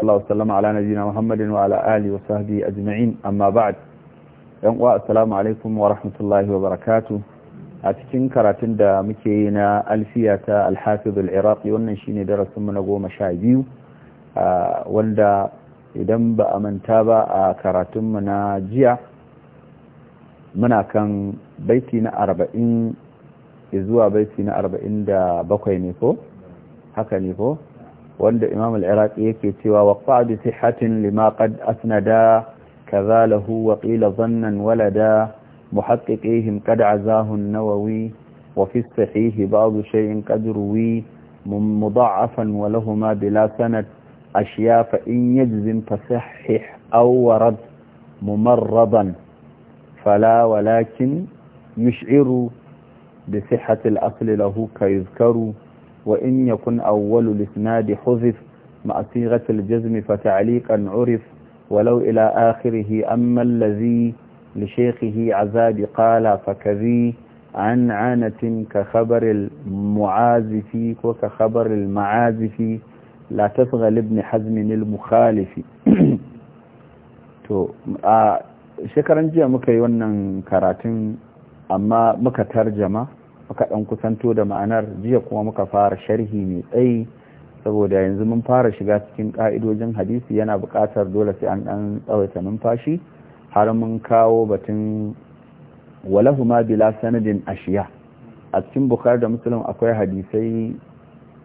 sallallahu wasallama ala nabiyina muhammadin wa ala alihi wa sahbihi ajma'in amma ba'ad yan uwa assalamu alaikum wa rahmatullahi wa barakatuh a cikin karatun da muke yi na alfiya ta alhafiz al wannan shine darasin mu na goma sha biyu wanda idan ba a manta ba a karatunmu na jiya muna kan baiti na arba'in zuwa baiti na arba'in da bakwai ne haka ne وند امام العراقي يكي سوى وقعد صحة لما قد اسندا كذا له وقيل ظنا ولدا محققيهم قد عزاه النووي وفي الصحيح بعض شيء قد روي مضعفا ولهما بلا سند اشياء فان يجزم فصحح او ورد ممرضا فلا ولكن يشعر بصحة الاصل له كيذكر وإن يكن أول الإسناد حذف مع صيغة الجزم فتعليقا عرف ولو إلى آخره أما الذي لشيخه عذاب قال فكذي عن عانة كخبر المعازف وكخبر المعازف لا تصغى لابن حزم المخالف آه، شكرا a مكي ونن كراتين أما wannan ترجمة muka ɗan kusanto da ma'anar jiya kuma muka fara sharhi mai tsayi saboda yanzu mun fara shiga cikin ƙa'idojin hadisi yana buƙatar dole sai an ɗan tsawaita numfashi har mun kawo batun walahu ma bila sanadin ashiya a cikin bukar da musulun akwai hadisai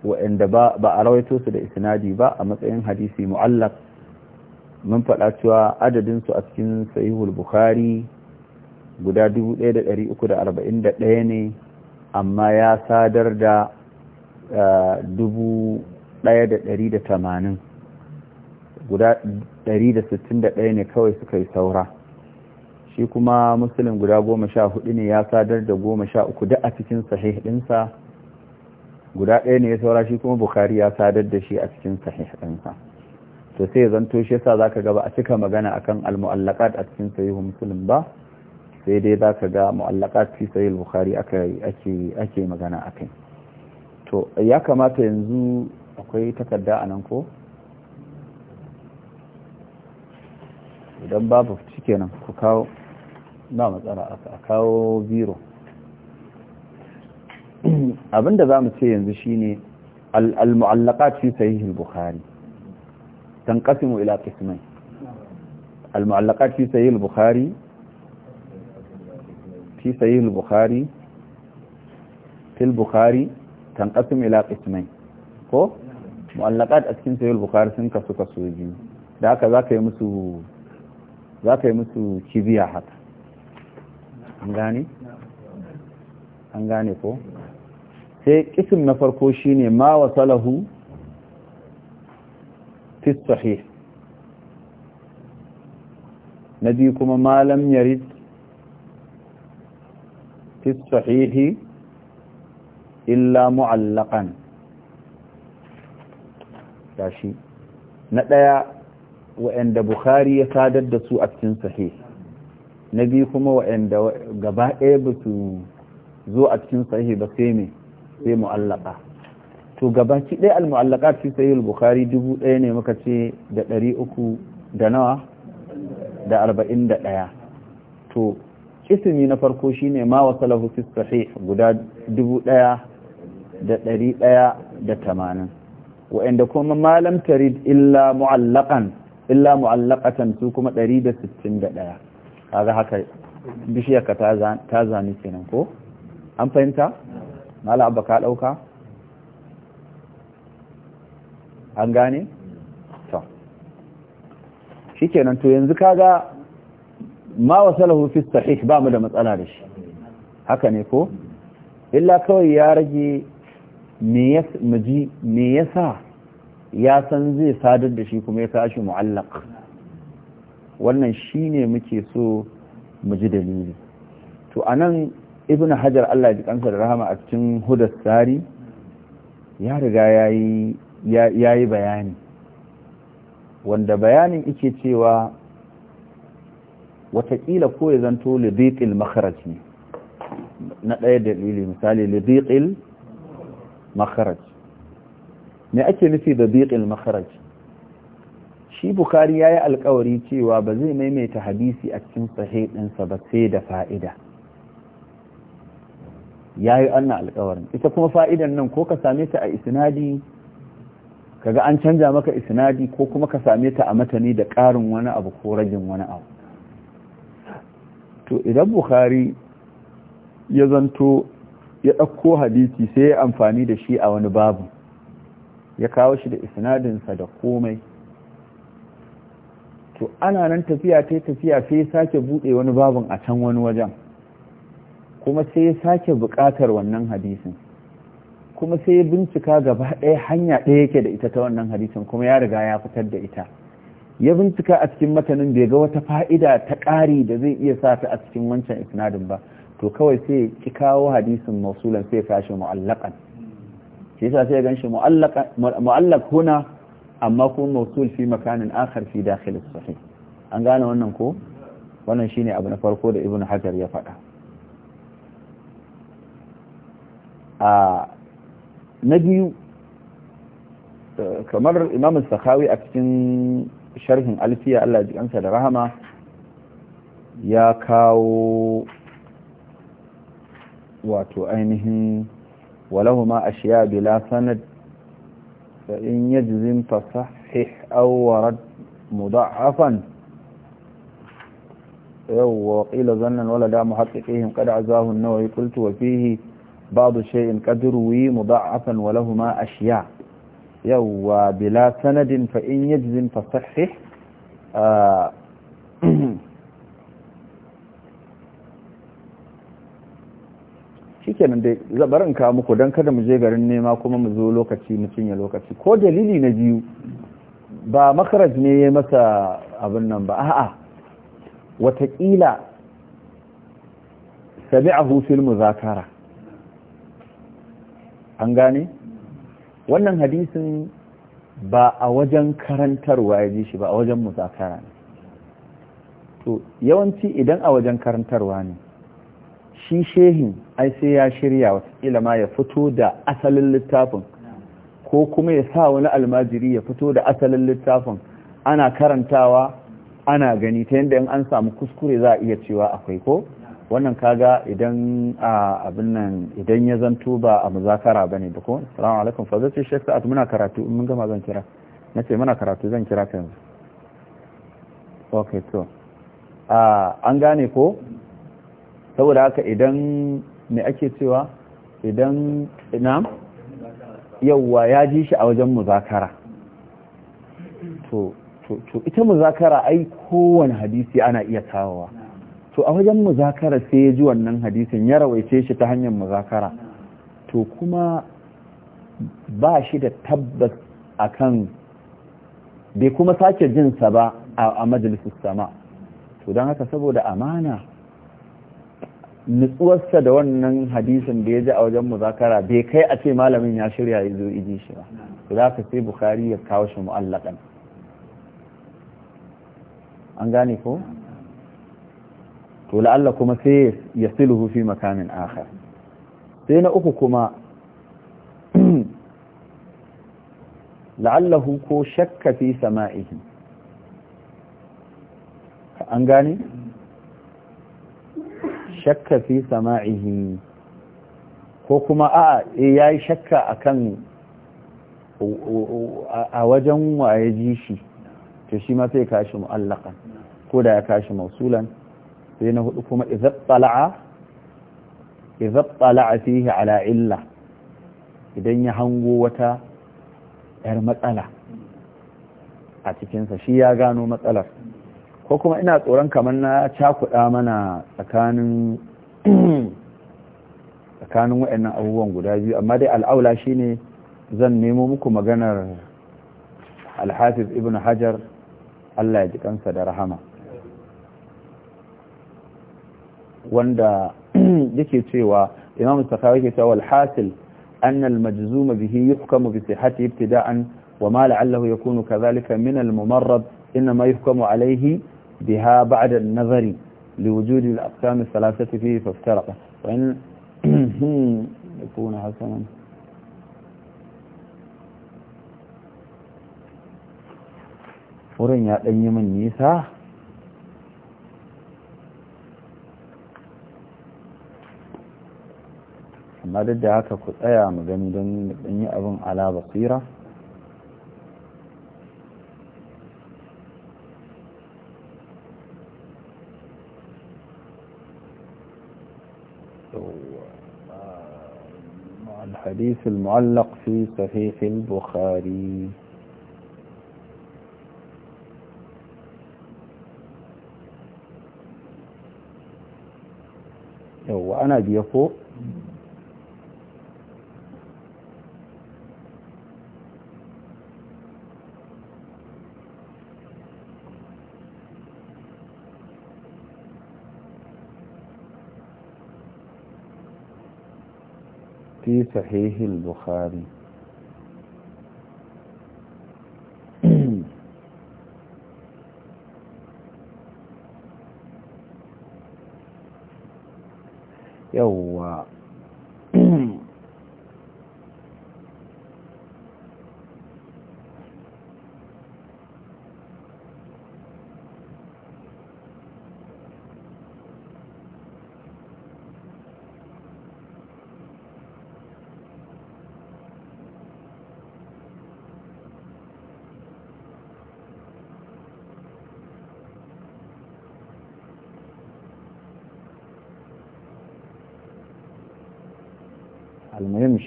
waɗanda ba a rawaito su da isnadi ba a matsayin hadisi mu'allaf mun faɗa cewa adadin su a cikin sahihul bukhari guda 1341 ne amma ya sadar da eh, dubu ɗaya da ɗari da tamanin guda ɗari da sittin da ɗaya ne kawai suka yi saura shi kuma musulun guda goma sha hudu ne ya sadar da goma sha uku da a cikin sahih guda ɗaya ne ya saura shi kuma bukari ya sadar da shi a cikin sahih ɗinsa to sai zanto shi yasa zaka gaba a cika magana akan al-mu'allaqat a cikin sahihu musulun ba sai dai za ka ga mu'allakat fi sahih bukhari ake magana a kai to ya kamata yanzu akwai takarda a nan ko idan babu cike nan ku kawo na matsala a kawo biro abinda za mu ce yanzu shine al-mu'allaqat fi sahih al-bukhari tanqasimu ila qismayn al-mu'allaqat fi sahih al-bukhari shi sahihul bukhari fil bukhari tanqasim ila qismain ko mu'allaqat a cikin sahihul bukhari sun kasu kaso biyu da haka musu zaka haka an gane ko sai kisim na farko shine ma wasalahu fi na biyu kuma ma lam fi sahihi illa mu'allaqan gashi na daya wa'anda bukhari ya sadar da su a cikin sahih biyu kuma wa'anda gaba ba su zo a cikin ba sai me to gaba ki ɗaya al-mu'allaqat dubu ɗaya ne muka ce da ɗari uku da nawa da ɗaya ismi na farko shine ma wasalahu fi sahih guda 1180 inda kuma malam tarid illa mu'allaqan illa mu'allaqatan su kuma 161 kaga haka bishiya ka ta zani kenan ko an fahimta mala abba ka dauka an gane to shikenan to yanzu kaga ma wasalahu fi sahih ba mu da matsala da shi haka ne ko illa kawai ya rage me ya yasa ya san zai sadar da shi kuma ya tashi mu'allaq wannan shine muke so mu ji dalili to anan ibn hajar Allah ya ji kansa da rahama a cikin hudas sari ya riga yayi yayi bayani wanda bayanin yake cewa watakila ko ya zanto lidiqil makharaj ne na ɗaya dalili misali lidiqil makharaj me ake nufi da diqil makharaj shi bukari ya yi alkawari cewa ba zai maimaita hadisi a cikin sahih ɗinsa ba sai da fa'ida ya yi annan alkawarin ita kuma fa'idan nan ko ka same ta a isnadi kaga an canja maka isnadi ko kuma ka same ta a matani da ƙarin wani abu ko ragin wani abu to idan bukhari ya zanto ya ɗauko hadisi sai ya amfani da shi a wani babu ya kawo shi da isnadinsa da komai to ana nan tafiya ta tafiya sai ya sake buɗe wani babu a can wani wajen kuma sai ya sake buƙatar wannan hadisin kuma sai ya bincika gaba ɗaya hanya ɗaya yake da ita ta wannan hadisin kuma ya riga ya fitar da ita ya bincika a cikin matanin bai ga wata fa'ida ta ƙari da zai iya sa ta a cikin wancan isnadin ba to kawai sai ki kawo hadisin mausulan sai ka shi mu'allaqan shi yasa sai ganshi shi mu'allaq huna amma ko mausul fi makanin akhar fi dakhil sahih an gane wannan ko wannan shine abu na farko da ibnu hajar ya faɗa a na biyu eh, kamar imam sakawi a cikin sharhin alfiya Allah ji kansa da rahama ya kawo wato ainihin walahuma ashiya bila sanad fa in yajzim fasahih aw warad mudha'afan yawa ƙila zannan walada muhaqqiqihim a azahu an-nawawi qultu wa fihi ba'd shay'in qad ruwi mudha'afan walahuma ashiya' yawwa bila sanadin fa in yajzin fa sahih dai zabarin ka muku don kada mu je garin nema kuma mu zo lokaci mu cinye lokaci ko dalili na biyu ba makaraj ne ya masa abin nan ba a'a watakila sami sami'ahu mu zakara an gane wannan hadisin ba a wajen karantarwa ya ji shi ba a wajen muzakara ne to yawanci idan a wajen karantarwa ne shi shehin ai sai ya shirya watakila ma ya fito da asalin littafin ko kuma ya sa wani almajiri ya fito da asalin littafin ana karantawa ana gani ta yadda in an samu kuskure za a iya cewa akwai ko wannan kaga idan a abin nan idan ya zanto ba a muzakara ba ne da ko salamu alaikum fa zai shek sa'ad muna karatu in mun gama zan kira na ce muna karatu zan kira ka yanzu ok to an gane ko saboda haka idan me ake cewa idan ina yawa ya ji shi a wajen muzakara to ita muzakara ai kowane hadisi ana iya tawawa to a wajen muzakara sai ya ji wannan hadisin ya rawaice shi ta hanyar muzakara to kuma ba shi da tabbas kan bai kuma sake jinsa ba a majalisar sama to don haka saboda amana nutsuwarsa da wannan hadisin da ya ji a wajen muzakara bai kai a ce malamin ya shirya ya zo iji shi ba za ka sai bukari ya kawo shi mu'allakan an gane ko? to la'alla kuma sai ya siluhu fi makamin akhar sai na uku kuma la'allahu ko shakka fi sama'ihi an gane shakka fi sama'ihi ko kuma a eh, ya yi shakka akan a wajen waye ji shi to shi ma sai kashi mu'allakan ko da ya kashi mausulan sai na hudu kuma izattala'a fihi ala illa idan ya hango wata ‘yar matsala a cikinsa shi ya gano matsalar ko kuma ina tsoron kamar na cakuɗa mana tsakanin tsakanin waɗannan abubuwan guda biyu amma dai al'aula shine zan nemo muku maganar alhafiz ibn hajar allah ya ji kansa da rahama wanda yake cewa imamu saka yake cewa alhasil an almajzum bihi yuhkamu bi sihhati ibtida'an wa ma la'allahu yakunu kadhalika min almumarrad inma yuhkamu alayhi biha ba'da an-nazari liwujudi al-aqsam ath-thalathati fihi faftaraqa wa in يكون hasanan wurin ya danyi min nisa amma duk da haka ku tsaya mu gani don yi abin ala basira الحديث المعلق في صحيح البخاري وأنا بيقول fi sahihil bukhari yawwa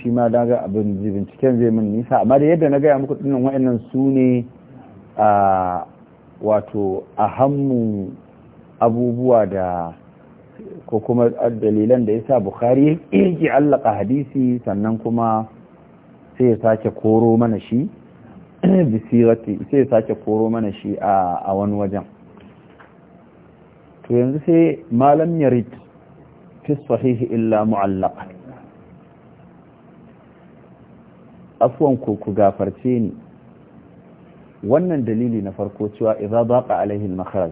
shi ma daga abin binciken zai min nisa amma da yadda na gaya muku dinnan wa'annan su ne a wato a hammu abubuwa da ko kuma dalilan da ya yasa bukhari yake allaka hadisi sannan kuma sai ya sake koro mana shi bisirati sai ya sake koro mana shi a wani wajen to yanzu sai malam yarid fi sahihi illa mu'allaqan afwan ku ku gafarce ni wannan dalili na farko cewa idza baqa alaihi al-makhraj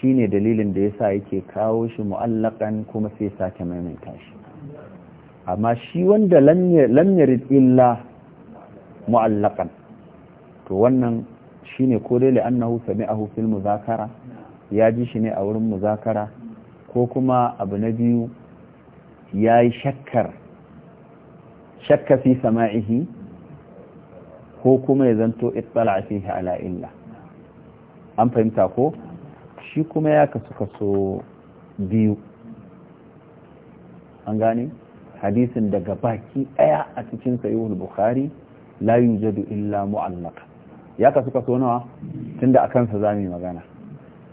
shine dalilin da yasa yake kawo shi mu'allakan kuma sai sake maimaita shi amma shi wanda lam yarid illa mu'allakan to wannan shine ko dai annahu sami'ahu fil muzakara ya ji shi ne a wurin muzakara ko kuma abu na biyu ya yi shakkar shakka fi sama'ihi ko kuma ya zanto ittala fihi ala illa an fahimta ko shi kuma ya kasu kaso biyu an gane hadisin daga baki daya a cikin sahihul bukhari la jadu illa mu'allaq ya kasu kaso nawa tunda akan sa zamu magana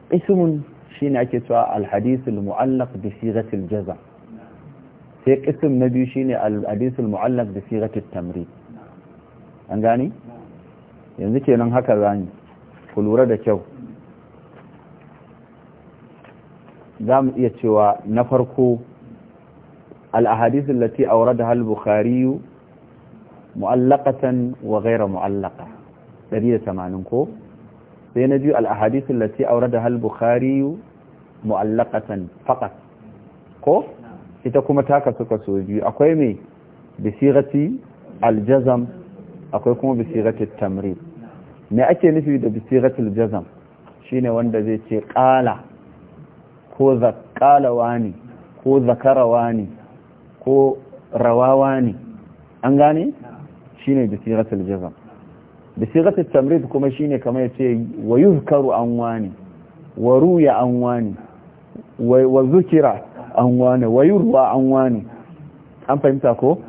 ismun shine ake cewa al hadithul mu'allaq bi sigatil jazm sai kisim na biyu shine al-hadisul mu'allaq bi sighati tamrid an gani yanzu kenan haka zani ku lura da kyau za mu iya cewa na farko al-ahadith allati awradaha al-bukhari mu'allaqatan wa ghayra mu'allaqa 180 ko sai na biyu al-ahadith allati awradaha al-bukhari mu'allaqatan faqat ko ita kuma ta kasu kasu biyu akwai mai bisirati aljazam akwai kuma bisirati tamri me ake nufi da bisirati aljazam shine wanda zai ce kala ko zakalawa ne ko zakarawa ne ko rawawa ne an gane shine bisirati aljazam bisirati tamrid kuma shine kamar ya ce wa yuzkaru an wani wa ruya an wani wa zukira an wane wayurwa an wane an fahimta ko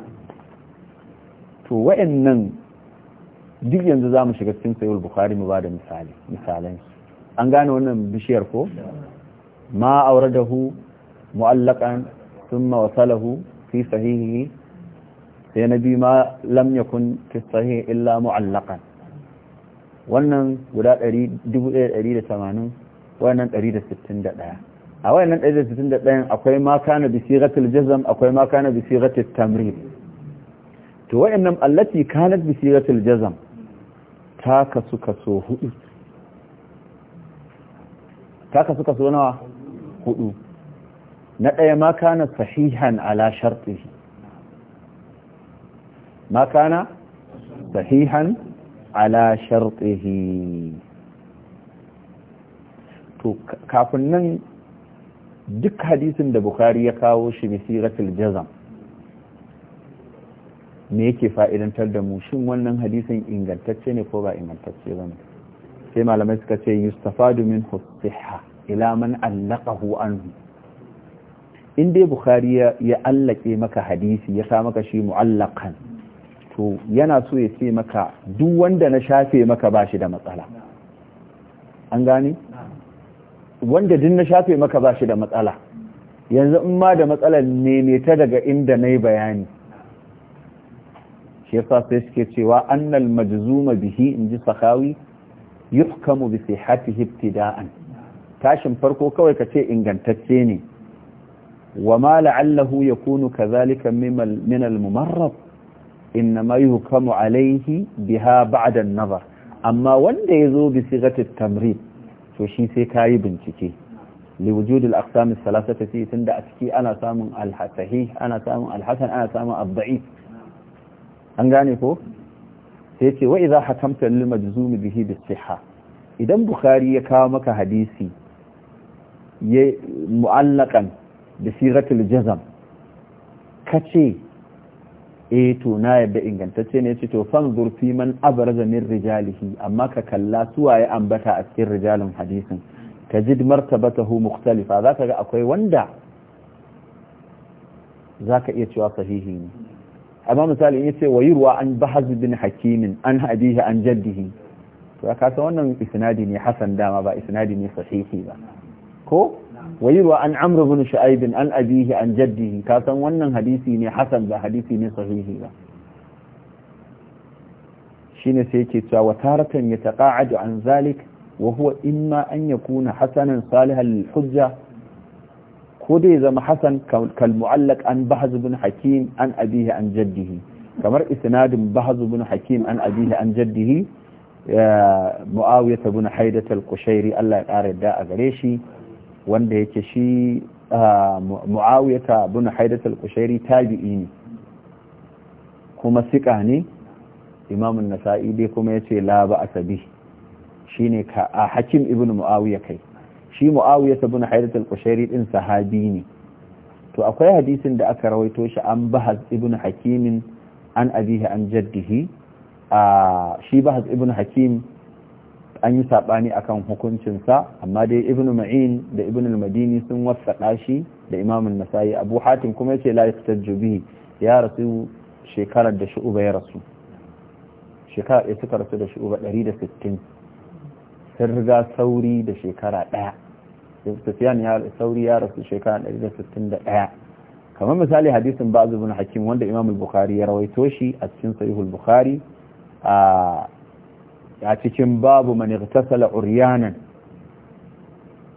to wayannan duk yanzu za mu shiga cikin sayul bukhari mu ba da misali misalan an gane wannan bishiyar ko ma muallakan mu'allaqan thumma wasalahu fi sahihi sai na biyu ma lam yakun fi sahihi illa mu'allaqan wannan guda 1180 wannan 161 a wayannan 161 akwai ma kana bi siratul jazm akwai ma kana bi siratul tamrid to wayannan allati kanat bi siratul jazm ta kasu kaso hudu ta kasu kaso nawa hudu na daya ma kana sahihan ala shartihi ma kana sahihan ala shartihi kafin nan duk hadisin da bukari ya kawo shi misiratul jazam me yake fa'idantar da mu shin wannan hadisin ingantacce ne ko ba ingantacce ba ne sai malamai suka ce yustafadu min hussiha ila man allaqahu anhu in dai bukhari ya allake maka hadisi ya sa maka shi mu'allaqan to yana so ya ce maka duk wanda na shafe maka ba shi da matsala an gane wanda din na shafe maka ba shi da matsala yanzu in ma da matsalar neme ta daga inda na yi bayani shi yasa sai suke cewa annal majzuma bihi in ji sakawi yuhkamu bi sihati ibtida'an tashin farko kawai kace ingantacce ne wa ma la'allahu yakunu kadhalika min al-mumarrad inma yuhkamu alayhi biha ba'da nazar amma wanda ya zo sigati at to shi sai ka yi bincike wujudul aqsam salasata fi tunda a ciki ana samun al-sahih ana samun al-hasan ana samun al daif an gane ko sai ce wa idza hakamta lil majzum bihi bis sihha idan bukhari ya kawo maka hadisi ya mu'allaqan da siratul jazm kace eh to na yadda ingantacce ne ce to fan zurfi man abarza min rijalihi amma ka kalla ya ambata a cikin rijalin hadisin ka ji martabatahu mukhtalifa zaka ga akwai wanda zaka iya cewa sahihi ne amma misali in yace wayurwa an bahaz bin hakimin an hadihi an jaddihi to ka san wannan isnadi ne hasan dama ba isnadi ne sahihi ba ko ويروى عن عمرو بن شعيب عن أبيه عن جده كاسن ونن حديثي ني حسن ده حديثي ني صحيحي ده شين سيكي وتارة يتقاعد عن ذلك وهو إما أن يكون حسنا صالحا للحجة كودي زم حسن كالمعلق عن بحز بن حكيم عن أبيه عن جده كمر إسناد بحز بن حكيم عن أبيه عن جده معاوية بن حيدة القشيري الله يقارد دا أغريشي wanda yake shi mu'awiyata bin haidat al-qushairi tabi'i ne kuma sika ne imamun nasa'i dai kuma yace laba la ba asabi shi ne ka a hakim ibn mu'awiya kai shi mu'awiyata bin haidat al-qushairi din sahabi ne to akwai hadisin da aka rawaito shi an bahaz ibn hakimin an abihi an jaddihi a shi bahaz ibn hakim an yi saɓani a kan hukuncinsa amma dai ibn ma'in da ibn al-madini sun wasaɗa shi da imamun nasa'i abu hatim kuma yace la yastajju bihi ya rasu shekarar da shu'uba ya rasu shekara ɗaya suka rasu da shu'uba 160 sun riga sauri da shekara ɗaya sufiyan ya sauri ya rasu shekara 161 kamar misali hadisin ba'z ibn hakim wanda imamul al-bukhari ya rawaito shi a cikin sahih al-bukhari a a cikin babu man ightasala uryanan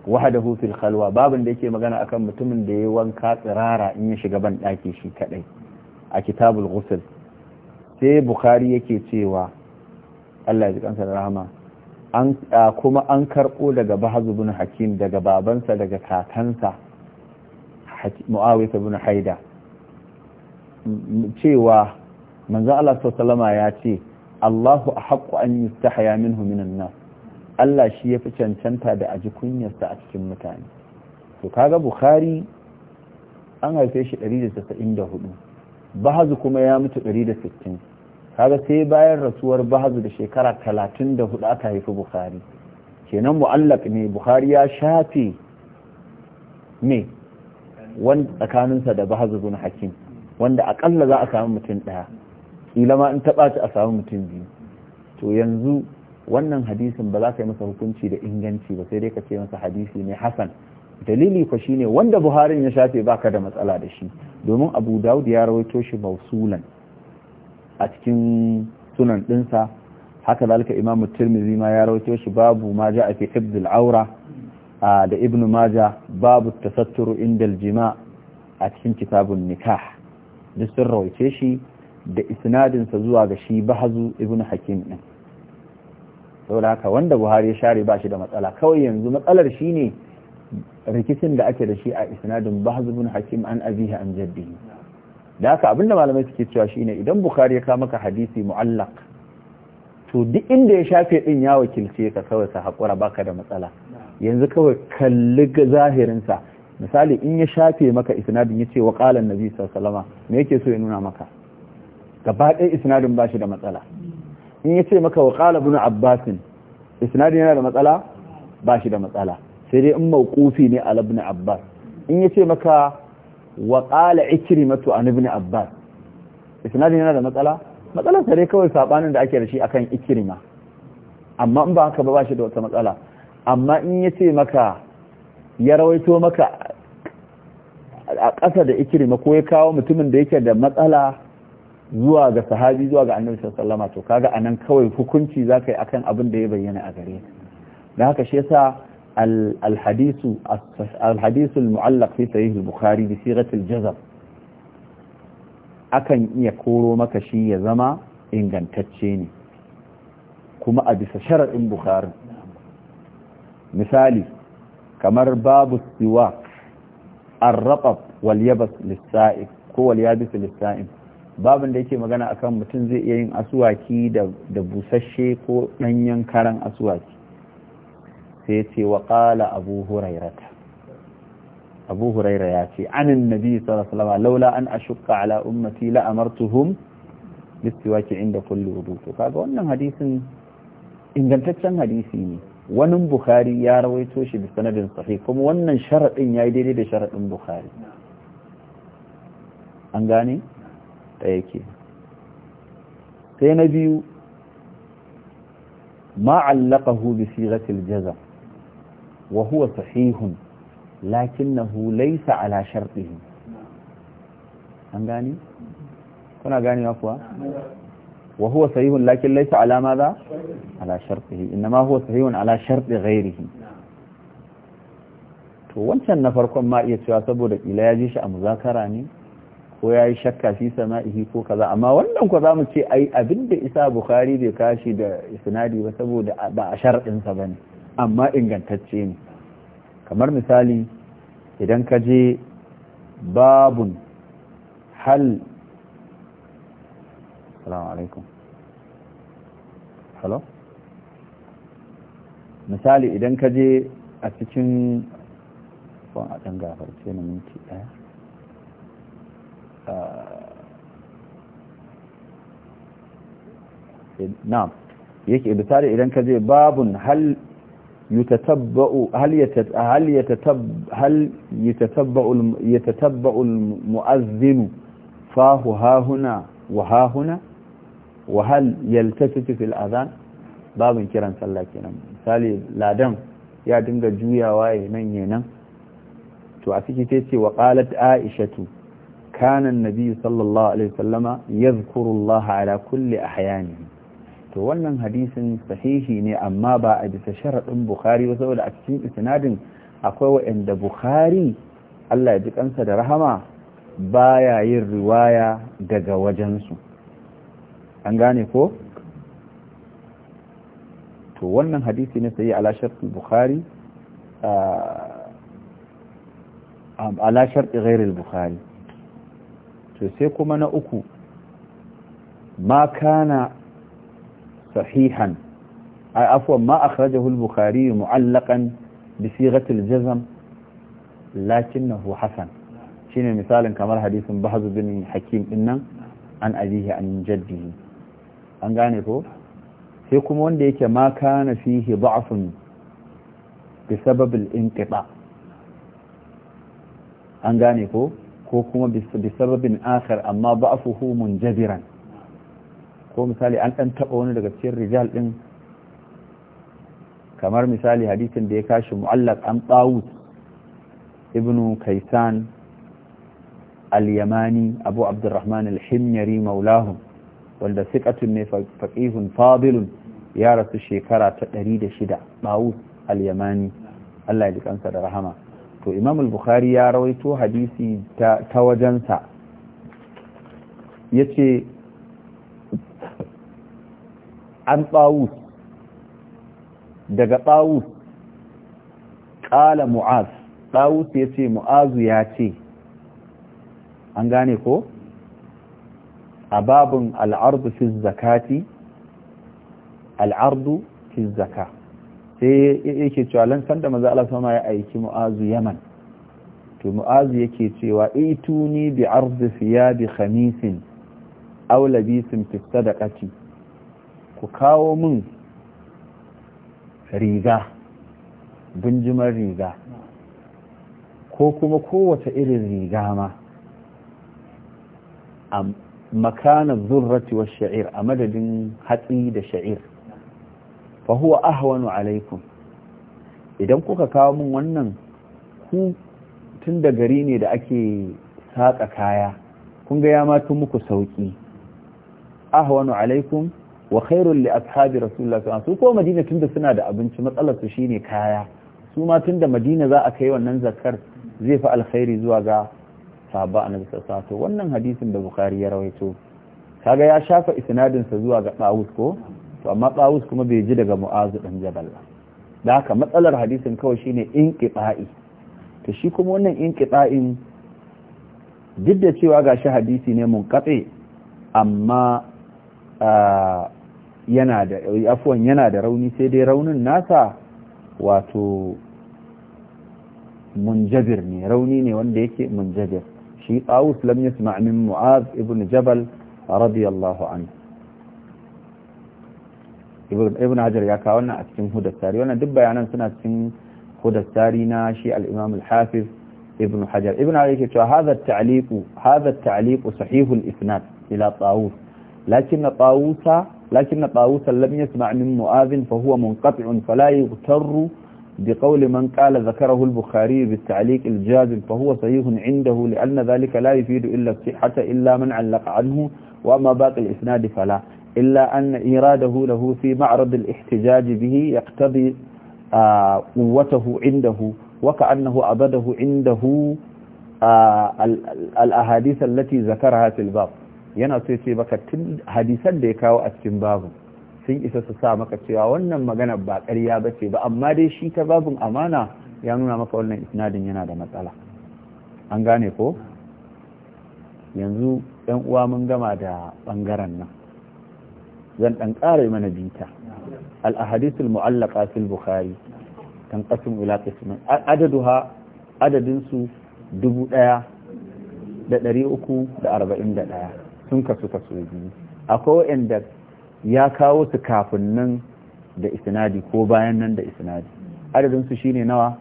wahdahu fil khalwa babin da yake magana akan mutumin da yayi wanka tsirara in ya shiga ban daki shi kadai a kitabul ghusl sai bukhari yake cewa Allah ya ji kansa da rahama an kuma an karbo daga bahzu bin hakim daga babansa daga kakansa muawiyah bin haida cewa manzo Allah sallallahu alaihi ya ce Allahu ahqqu an yustahya minhu minan nas Allah shi fi cancanta da aji kunyarsa a cikin mutane to kaga Bukhari an haife shi 194 Bahazu kuma ya mutu sittin kaga sai bayan rasuwar Bahazu da shekara 34 aka haifi Bukhari kenan mu'allaq ne Bukhari ya shafe ne wanda tsakaninsa da Bahazu bin Hakim wanda akalla za a samu mutum daya kila ma in taɓa ta a samu mutum biyu to yanzu wannan hadisin ba za ka yi masa hukunci da inganci ba sai dai ka ce masa hadisi ne hasan dalili ko shine wanda buharin ya shafe baka da matsala da shi domin abu dawud ya rawaito shi mausulan a cikin sunan dinsa haka zalika imamu tirmidhi ma ya rawaito shi babu ma ja'a fi hibdil aura da ibnu maja babu tasatturu indal jima a cikin kitabun nikah duk sun rawaice shi da isnadinsa zuwa ga shi bahazu ibn hakim ɗin da haka wanda buhari ya share ba shi da matsala kawai yanzu matsalar shi ne rikicin da ake da shi a isnadin bahazu ibn hakim an abihi an jaddi da haka abinda malamai suke cewa shine idan buhari ya kama maka hadisi mu'allaq to duk inda ya shafe ɗin ya wakilce ka kawai ka hakura baka da matsala yanzu kawai kalli zahirin sa misali in ya shafe maka isnadin yace wa qala annabi sallallahu alaihi wasallama me yake so ya nuna maka gaba ɗaya isnadin ba shi da matsala in ya ce maka wa ƙala bin abbasin isnadin yana da matsala ba shi da matsala sai dai in mawqufi ne ala ibn abbas in ya ce maka wa ƙala ikrimatu an ibn abbas isnadin yana da matsala matsalar sa dai kawai sabanin da ake da shi akan ikrima amma in ba haka ba ba shi da wata matsala amma in ya ce maka ya rawaito maka a ƙasa da ma ko ya kawo mutumin da yake da matsala zuwa ga sahabi zuwa ga annabi sallama to kaga anan kawai hukunci za ka yi akan abin da ya bayyana a gare da haka shi yasa alhadisu alhadisu almu'allaq fi sahih al-bukhari bi sighati al-jazm akan iya koro maka shi ya zama ingantacce ne kuma a bisa shar'in bukhari misali kamar babu siwak ar-raqab wal yabas ko babin da yake magana akan mutum zai iya yin asuwaki da busasshe ko ɗanyen karan asuwaki sai ce wa ƙala abu hurairata abu huraira ya ce anin nabi sallallahu alaihi laula an ashqa ala ummati la amartuhum listiwaki inda kullu wudu to kaga wannan hadisin ingantaccen hadisi ne wani bukhari ya rawaito shi bi sanadin sahih kuma wannan sharadin yayi daidai da sharadin bukhari an gane ɗaya ke sai na biyu ma'allakahu bi siratil jazam wa huwa sahihun lakinnahu laysa ala shartihi an gani kuna gani kuwa wa huwa sahihun lakin laysa ala madha ala shartihi inma huwa sahihun ala sharti ghayrihi to wancan na farkon ma iya cewa saboda kila ya shi a muzakara ne ko ya yi shakka fi sama'ihi ko kaza amma wannan ku za mu ce ai abin da isa bukari bai kashi da isnadi ba saboda ba a sharɗinsa ba ne amma ingantacce ne kamar misali idan ka je babun hal salamu alaikum halo misali idan ka je a cikin a ɗan gafarce na minti ɗaya na'am yake misali idan ka je babun hal yutatabba'u hal hal yatatabb hal yatatabba'u huna wa ha huna wa hal yaltafitu fil adhan babun kiran sallah kenan misali ladan ya dinga juyawa yayin nan to a cikin sai ce wa qalat aishatu كان النبي صلى الله عليه وسلم يذكر الله على كل to wannan hadisin sahihi ne amma ba a bisa sharaɗin bukhari ba saboda a cikin isnadin akwai waɗanda bukhari Allah ya ji kansa da rahama baya yin riwaya daga wajensu an gane ko to wannan hadisi ne sai ala sharti bukhari ala sharti ghairil bukhari to sai kuma na uku ma kana sahihan a afwan ma akhrajahu al-bukhari mu'allaqan bi sighati al-jazm lakinnahu hasan shine misalin kamar hadisin bahz bin hakim dinnan an abihi an jaddihi an gane ko sai kuma wanda yake ma kana fihi da'fun bi sabab inqita an gane ko ko kuma bisababin akhar amma ba'fuhu jabiran ko misali an ɗan taɓa wani daga cikin rijal din kamar misali hadisin da ya kashi mu'allak an tawus ibnu kaisan al-yamani abu abdurrahman al-himyari wanda siqatun ne faƙihun fabulun ya rasu shekara ta 106 tawus al-yamani Allah ya ji kansa da rahama to imam al-bukhari ya rawaito hadisi ta wajensa ya an ɓawus daga ɓawus ƙala mu'az ɓawus ya ce mu'azu ya ce an gane ko a babin al'ardu fi zakati al'ardu fi sai yake cewa lan sanda maza Allah ya aiki mu'azu yaman to mu'azu yake cewa ituni bi ardi bi khamisin aw labisin da sadaqati ku kawo min riga bunjimar riga ko kuma kowace irin riga ma a makana zurrati wa sha'ir a madadin hatsi da sha'ir fa huwa ahwanu alaikum idan kuka kawo min wannan ku tun da gari ne da ake saka kaya kun ga ya matu muku sauki ahwanu alaikum wa khairul li ashabi rasulullah sallallahu alaihi ko madina tunda suna da abinci matsalar su shine kaya su ma tunda madina za a kai wannan zakar zai fi alkhairi zuwa ga sahaba annabi sallallahu alaihi wannan hadisin da bukhari ya rawaito kaga ya shafa isnadin sa zuwa ga Dawud ko to amma tsawus kuma bai ji daga mu'azu ɗin jabal ba da haka matsalar hadisin kawai shine inqita'i to shi kuma wannan inqita'in duk da cewa shi hadisi ne mun katse amma yana da afuwan yana da rauni sai dai raunin nasa wato munjabir ne rauni ne wanda yake munjabir shi tsawus lam yasma' mu'az ibn jabal radiyallahu anhu ibn hajar ya kawo wannan a cikin hudar tari wannan duk bayanan suna cikin hudar tari na shi al-imam al-hafiz ibn hajar ibn hajar yake cewa hadha at-ta'liq hadha at-ta'liq sahih al-isnad ila tawus lakin tawusa lakin tawusa lam yasma' min mu'adh fa huwa munqati' fala yughtarru بقول من قال ذكره البخاري بالتعليق الجازم فهو صحيح عنده لأن ذلك لا يفيد إلا الصحة إلا من علق عنه وأما باقي الإسناد فلا إلا أن إراده له في معرض الاحتجاج به يقتضي آه قوته عنده وكأنه عبده عنده آه الأحاديث التي ذكرها في الباب yana so ce baka tun hadisan da ya kawo a cikin babin sun isa su sa maka cewa wannan magana ba ƙarya ba ce ba amma dai shi ta babin amana ya nuna maka wannan isnadin yana da matsala an gane ko yanzu 'yan uwa mun gama da ɓangaren nan zan ɗan ƙara mana bita al mu'allaka mu'allaqa fil bukhari kan qasim ila qasim adaduha adadin su 1341 sun kasu kasu biyu akwai wanda ya kawo su kafin nan da isnadi ko bayan nan da isnadi adadin su shine nawa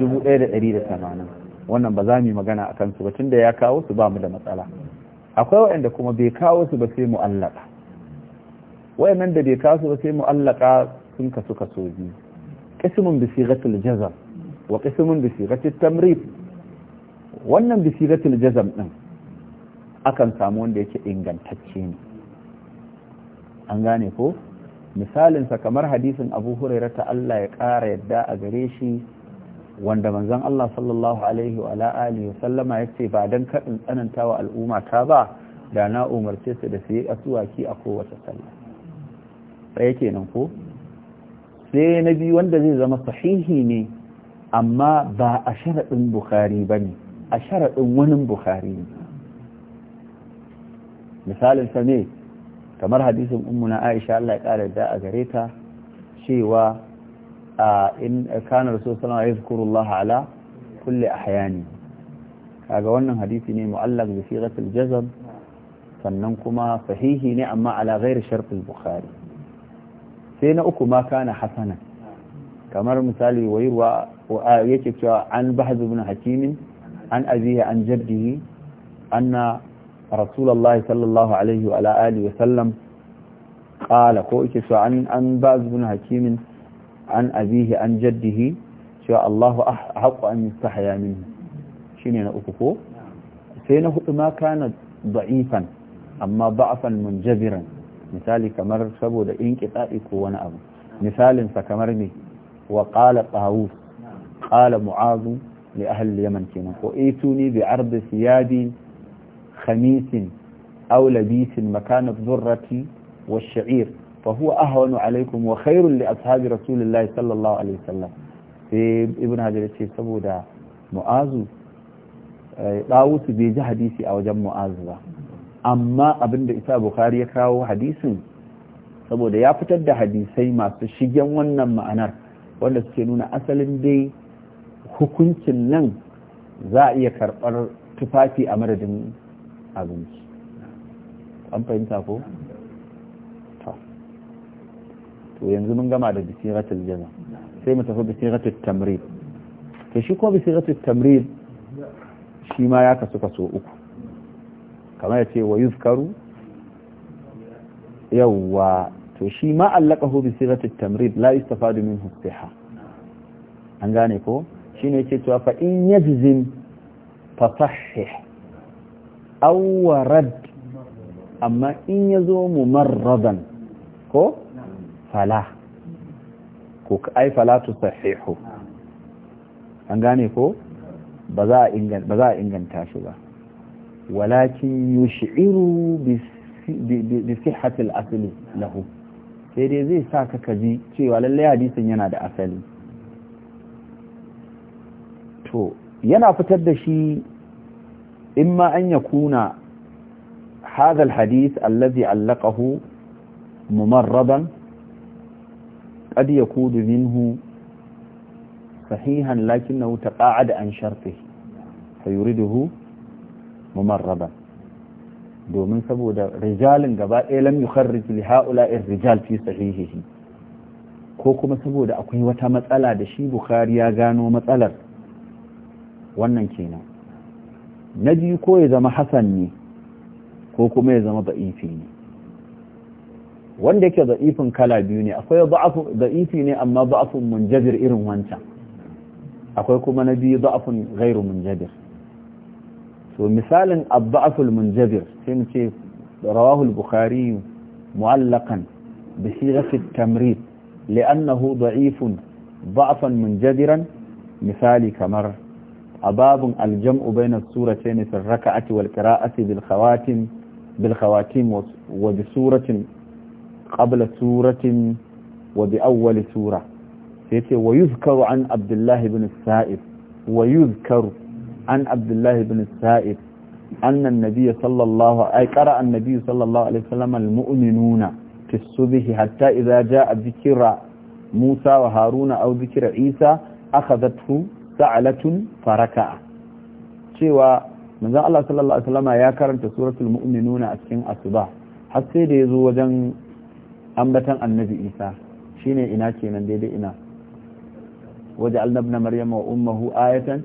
1180 wannan ba za mu yi magana akan su ba tunda ya kawo su ba mu da matsala akwai wanda kuma bai kawo su ba sai mu'allaka wayannan da bai kasu ba sai mu'allaka sun kasu kaso biyu qismun bi sighatil jazm wa qismun bi sighatil tamrid wannan bi sighatil jazm din akan samu wanda yake ingantacce ne an gane ko misalinsa kamar hadisin abu huraira ta Allah ya ƙara yadda a gare shi wanda manzon Allah sallallahu alaihi wa alihi sallama ya ce ba dan kaɗin tsananta wa al'umma ta ba da na umarce su da su yi asuwaki a kowace sallah daya kenan ko sai na biyu wanda zai zama sahihi ne amma ba a sharaɗin bukari ba ne a sharaɗin wani bukari ne misalin sa ne kamar hadisin ummuna aisha Allah ya ƙara da a gare ta cewa a in kana rasul sallallahu alaihi wasallam ala kulli ahyani kaga wannan hadisi ne mu'allaq bi sighatil sannan kuma sahihi ne amma ala ghairi shart bukari. sai na uku ma kana hasana kamar misali wayarwa yake cewa an bahz ibn hakimin an abiya an jaddihi anna rasulullahi sallallahu alaihi wa alihi wa sallam qala ko yake cewa an an bahz ibn hakimin an abihi an jaddihi cewa Allahu ah, haqqu an yastahya minhu shine na uku ko sai na hudu ma kana ba'ifan amma ba'afan mun munjabiran misali kamar saboda in ko wani abu misalinsa kamar ne wa ƙala tsawus ƙala mu'azu li ahal yaman kenan ko ituni bi ardi siyabi khamisin aw labisin makana dhurrati wa sha'ir fa huwa ahwanu alaikum wa khairun li ashabi rasulillahi sallallahu alaihi wasallam sai ibn hajar ce saboda mu'azu ɗawusu eh, bai ji hadisi a wajen mu'azu ba amma abinda isa bukari ya kawo hadisin saboda ya fitar da hadisai masu shigen wannan ma'anar wanda suke nuna asalin dai hukuncin nan za a iya karbar tufafi a madadin abinci an fahimta ko? to yanzu mun gama da bisiratul jama sai mu tafi bisiratul tamrid to shi ko bisiratul tamrid shi ma ya kasu kaso uku kamar ya ce wa yuzkaru yawwa to shi ma allaqahu bi sighati at-tamrid la yustafadu minhu as an gane ko shine yake cewa fa in yajzim fa sahih aw warad amma in yazo mumarradan ko fala ko ai fala tu sahihu an gane ko ba za a inganta shi ba walakin yush'iru bi sihhatil asli lahu sai dai zai sa ka kaji cewa lallai hadisin yana da asali to yana fitar da shi in ma an yakuna هذا الحديث الذي علقه ممرضا قد يكون منه صحيحا لكنه تقاعد عن شرطه فيريده mumarraban domin saboda rijalin gaba ɗaya lam yukharrij li ha'ula'ir rijal fi sahihihi ko kuma saboda akwai wata matsala da shi bukhari ya gano matsalar wannan kenan na biyu ko ya zama hasan ne ko kuma ya zama da'ifi ne wanda yake da'ifin kala biyu ne akwai da'ifi ne amma da'afun munjabir irin wancan akwai kuma na biyu da'afun ghairu munjabir so الضعف abba'aful munjabir رواه البخاري معلقا بصيغه التمريض لانه ضعيف ضعفا منجبرا مثالي كمر أباب الجمع بين السورتين في الركعة والقراءة بالخواتم بالخواتيم وبسورة قبل سورة وبأول سورة ويذكر عن عبد الله بن السائب ويذكر an abdullahi bin sa'id أن النبي صلى الله أي قرأ النبي صلى الله عليه وسلم المؤمنون في الصبح حتى إذا جاء ذكر موسى وهارون أو ذكر عيسى أخذته سعلة فركع شوى من ذا الله صلى الله عليه وسلم يا كرنت سورة المؤمنون أسكن أصباح حتى يزو وجن أنبتا النبي عيسى شين إنا كينا ديدي إنا وجعلنا ابن مريم وأمه آية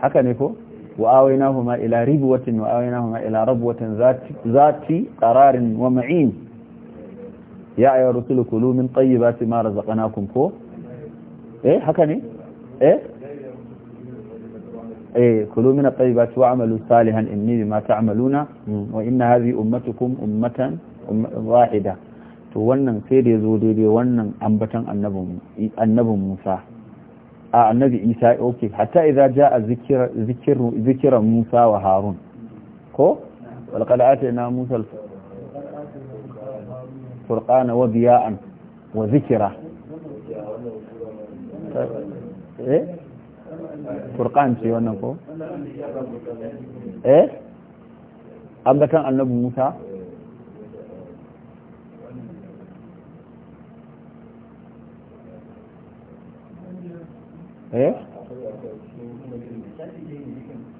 haka ne ko wa'awai na huma ila ribuwatin wa'awai na huma ila zati tsararin wa ma'in ya ayyar kulumin tsayi mara zaɓanakun ko? eh haka eh? eh, kulumin a tsayi ba su wa'amalu salihan inni bi amaluna wa inna hazi ummatukum ummatan wa'ida to wannan sai da ya zo daidai wannan ambatan annabin musa a annabi isa ok hatta idza jaa zikru zikra musa wa harun ko walqad na musa al-furqana wa diya'an wa zikira? eh turkan ce wannan ko eh ambatan annabi musa Eh?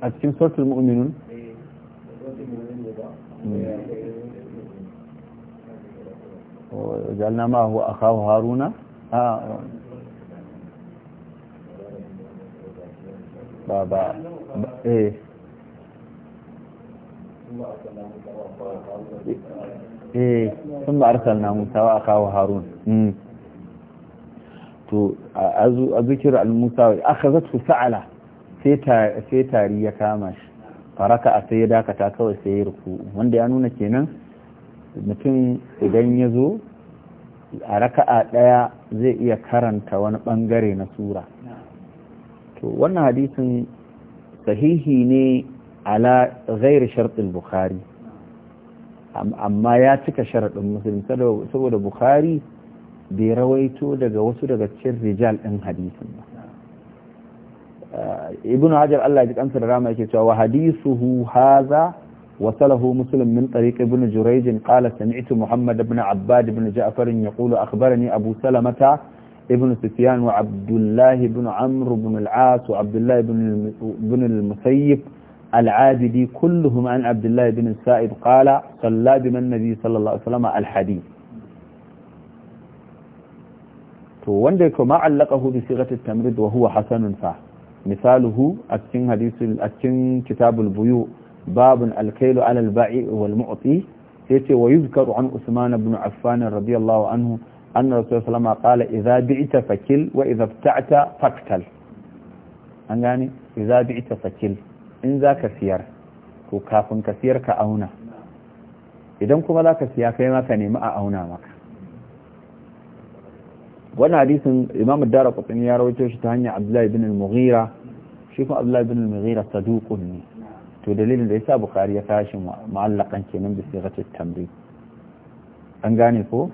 a cikin sortar mu'minun jalna ma hu a haruna ah, a to a zikir al-musa aka zata sa'ala sai tari ya kama shi faraka a sai ya dakata kawai sai ya ruku wanda ya nuna kenan mutum idan ya zo a raka'a daya zai iya karanta wani bangare na sura to wannan hadisin sahihi ne ala ghairi sharɗin bukhari amma ya cika sharaɗin musulun saboda bukhari bai rawaito daga wasu daga cikin rijal ɗin hadisin ba eh, ibnu hajar allah ji kansa da rama yake cewa wa hadisuhu haza wa salahu muslim min tariqi ibnu jurayj qala sami'tu muhammad bin abbad ibn ja'far yaqulu akhbarani abu salamata ibnu sufyan wa abdullah ibn amr ibn al-as wa abdullah ibn ibn al-musayyib العابدي كلهم عن عبد الله بن السائب قال صلى to wanda ya kuma allaqahu bi sighati at-tamrid wa huwa hasanun fa misaluhu a cikin a cikin kitabul buyu babun al-kailu ala al wal mu'ti yace wa yuzkaru an usman ibn affan radiyallahu anhu anna rasulullah sallallahu alaihi wasallam qala idza bi'ta fakil wa idza ibta'ta faktal an gane idza bi'ta fakil in zaka siyar kafin ka siyar ka auna idan kuma zaka siya kai ma ka nemi a auna maka wannan hadisin imam dara kwatsani ya rawaito shi ta hanyar abdullahi bin al-mughira shi kuma abdullahi bin al-mughira saduqun ne to dalilin da yasa bukhari ya kashi mu'allakan kenan bi sigatit tamri an gane ko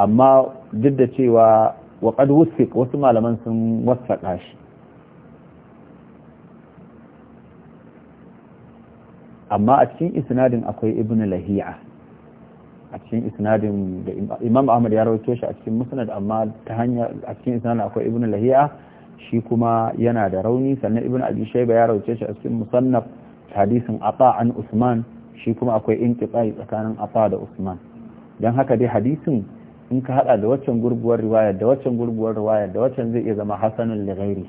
amma duk da cewa wa qad wusfiq wasu malaman sun wasfaka shi amma a cikin isnadin akwai ibnu lahiya a cikin isnadin da imam ahmad ya rawaito shi a cikin musnad amma ta hanyar a cikin isnadin akwai ibnu lahiya shi kuma yana da rauni sannan ibnu abi shayba ya rawaito shi a cikin musannaf hadisin ata an usman shi kuma akwai inqita'i tsakanin ata da usman dan haka dai hadisin in ka hada da waccan gurguwar riwaya da waccan gurguwar riwaya da waccan zai iya zama hasanun li ghairi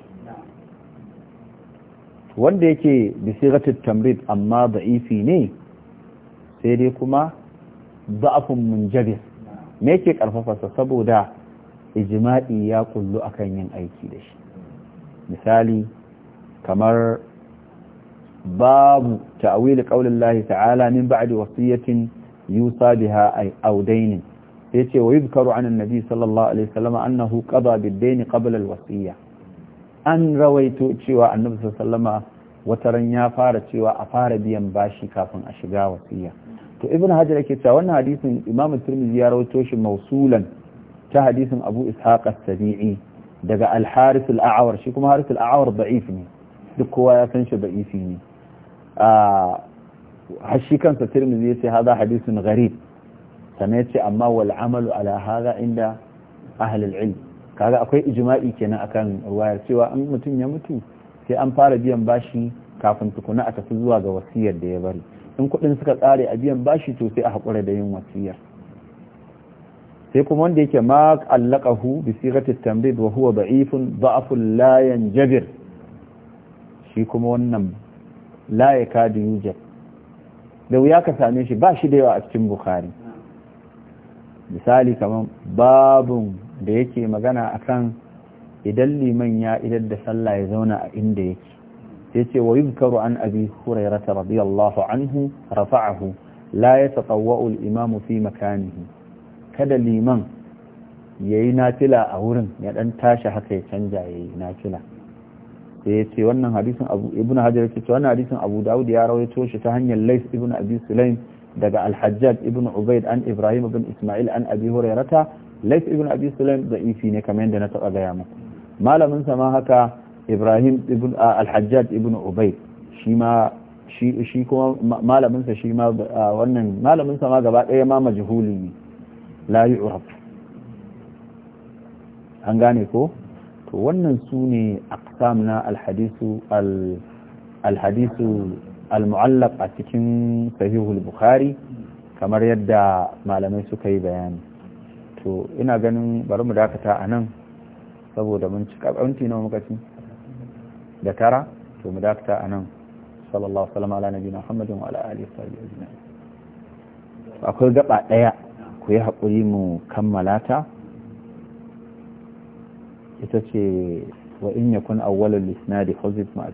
wanda yake bi sigatut tamrid amma da'ifi ne sai dai kuma da'afun munjabir me yake karfafarsa saboda ijma'i ya kullu akan yin aiki da shi misali kamar babu ta'awili qaulin lahi ta'ala min ba'di wasiyatin yusa biha ay audain yace wa yuzkaru an annabi sallallahu alaihi wasallam annahu qada bid-dayn qabla al-wasiyya an rawaito cewa annabi sallallahu alaihi wasallam wataran ya fara cewa a fara biyan bashi kafin a shiga wasiyya to ibn hajar yake cewa wannan hadisin imam tirmidhi ya rawaito shi mausulan ta hadisin abu ishaq as daga al-harith al-a'war shi kuma harith al-a'war da'if ne duk kowa ya san shi ne a shi kansa tirmidhi yace hada hadisin gharib sannan yace amma wal amalu ala hada inda ahli al-ilm kaga akwai ijma'i kenan akan ruwayar cewa an mutum ya mutu sai an fara biyan bashi kafin tukuna a tafi zuwa ga wasiyar da ya bari in kuɗin suka tsare a biyan bashi to sai a haƙura da yin wasiyar sai kuma wanda yake ma allaqahu bi sighati tamrid wa huwa da'ifun da'afun la yanjabir shi kuma wannan la yakadu yujab da wuya ka same shi ba shi da yawa a cikin bukhari misali kamar babun da yake magana akan idan liman ya idar da sallah ya zauna a inda yake yace wa yuzkaru an abi hurairah radiyallahu anhu rafa'ahu la yatatawwa'u al imam fi makanihi kada liman yayi nafila a wurin ya dan tashi haka ya canja yayi nafila sai ya wannan hadisin abu ibn hajar ce wannan hadisin abu dawud ya rawaito shi ta hanyar lais ibn abi sulaim daga al-hajjaj ibn ubaid an ibrahim ibn isma'il an abi hurairata laif ibn abi sulaim da ifi ne kamar yadda na taba gaya muku malamin sa ma haka ibrahim ibn ah, al-hajjaj ibn ubay shi ma shi kuma malaminsa shi ma ah, wannan malaminsa ma gaba ɗaya ma majhuli ne la yu'raf an gane ko to wannan su ne aqsam na alhadisu alhadisu almu'allaq a cikin sahihul bukhari kamar yadda malamai suka yi bayani to ina ganin bari mu dakata a nan saboda mun ci na muka da tara to mu dakata anan sallallahu alaihi ala nabiyina muhammadin wa ala alihi wa sahbihi ajma'in akwai gaba daya ku yi hakuri mu kammala ta ita ce wa in yakun awwalul isnadi huzif ma'a